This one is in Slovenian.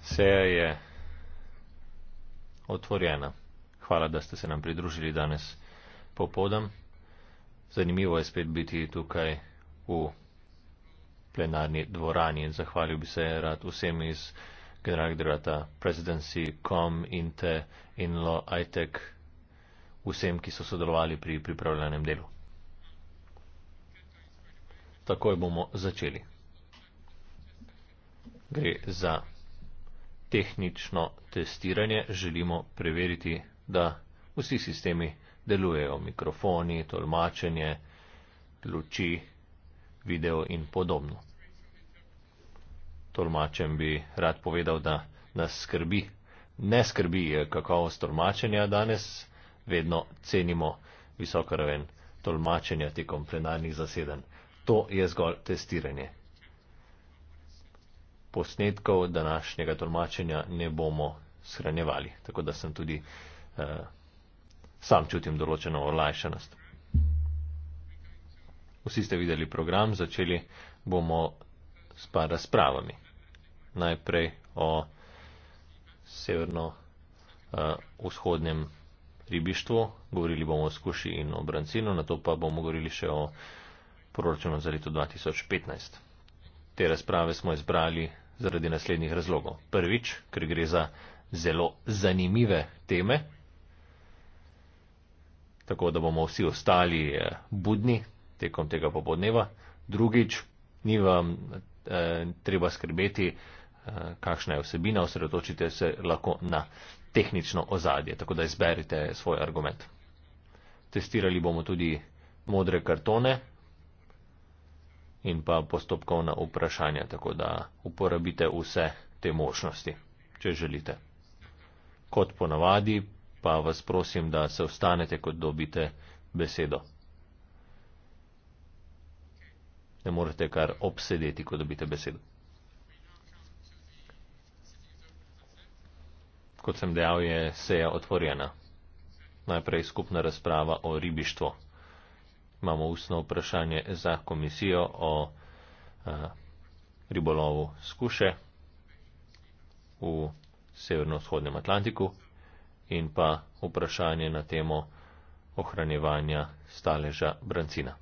Seja je otvorjena. Hvala, da ste se nam pridružili danes popodam. Zanimivo je spet biti tukaj v plenarni dvorani. Zahvalil bi se rad vsem iz generalnega direktorata Presidency, Com, Inte, Inlo, ITEC, vsem, ki so sodelovali pri pripravljenem delu. Takoj bomo začeli gre za tehnično testiranje, želimo preveriti, da vsi sistemi delujejo, mikrofoni, tolmačenje, luči, video in podobno. Tolmačem bi rad povedal, da nas skrbi, ne skrbi kakovost tolmačenja danes, vedno cenimo visoko raven tolmačenja tekom plenarnih zasedanj. To je zgolj testiranje posnetkov današnjega tolmačenja ne bomo shranjevali. Tako da sem tudi eh, sam čutim določeno olajšanost. Vsi ste videli program, začeli bomo s par razpravami. Najprej o severno-vzhodnem eh, ribištvu, govorili bomo o skuši in o brancinu, na to pa bomo govorili še o proračunu za leto 2015. Te razprave smo izbrali zaradi naslednjih razlogov. Prvič, ker gre za zelo zanimive teme, tako da bomo vsi ostali eh, budni tekom tega popodneva. Drugič, ni vam eh, treba skrbeti, eh, kakšna je vsebina, osredotočite se lahko na tehnično ozadje, tako da izberite svoj argument. Testirali bomo tudi modre kartone, in pa postopkovna vprašanja, tako da uporabite vse te možnosti, če želite. Kot ponavadi, pa vas prosim, da se ostanete, kot dobite besedo. Ne morete kar obsedeti, kot dobite besedo. Kot sem dejal, je seja otvorjena. Najprej skupna razprava o ribištvu imamo ustno vprašanje za komisijo o a, eh, ribolovu skuše v severno-vzhodnem Atlantiku in pa vprašanje na temo ohranjevanja staleža brancina.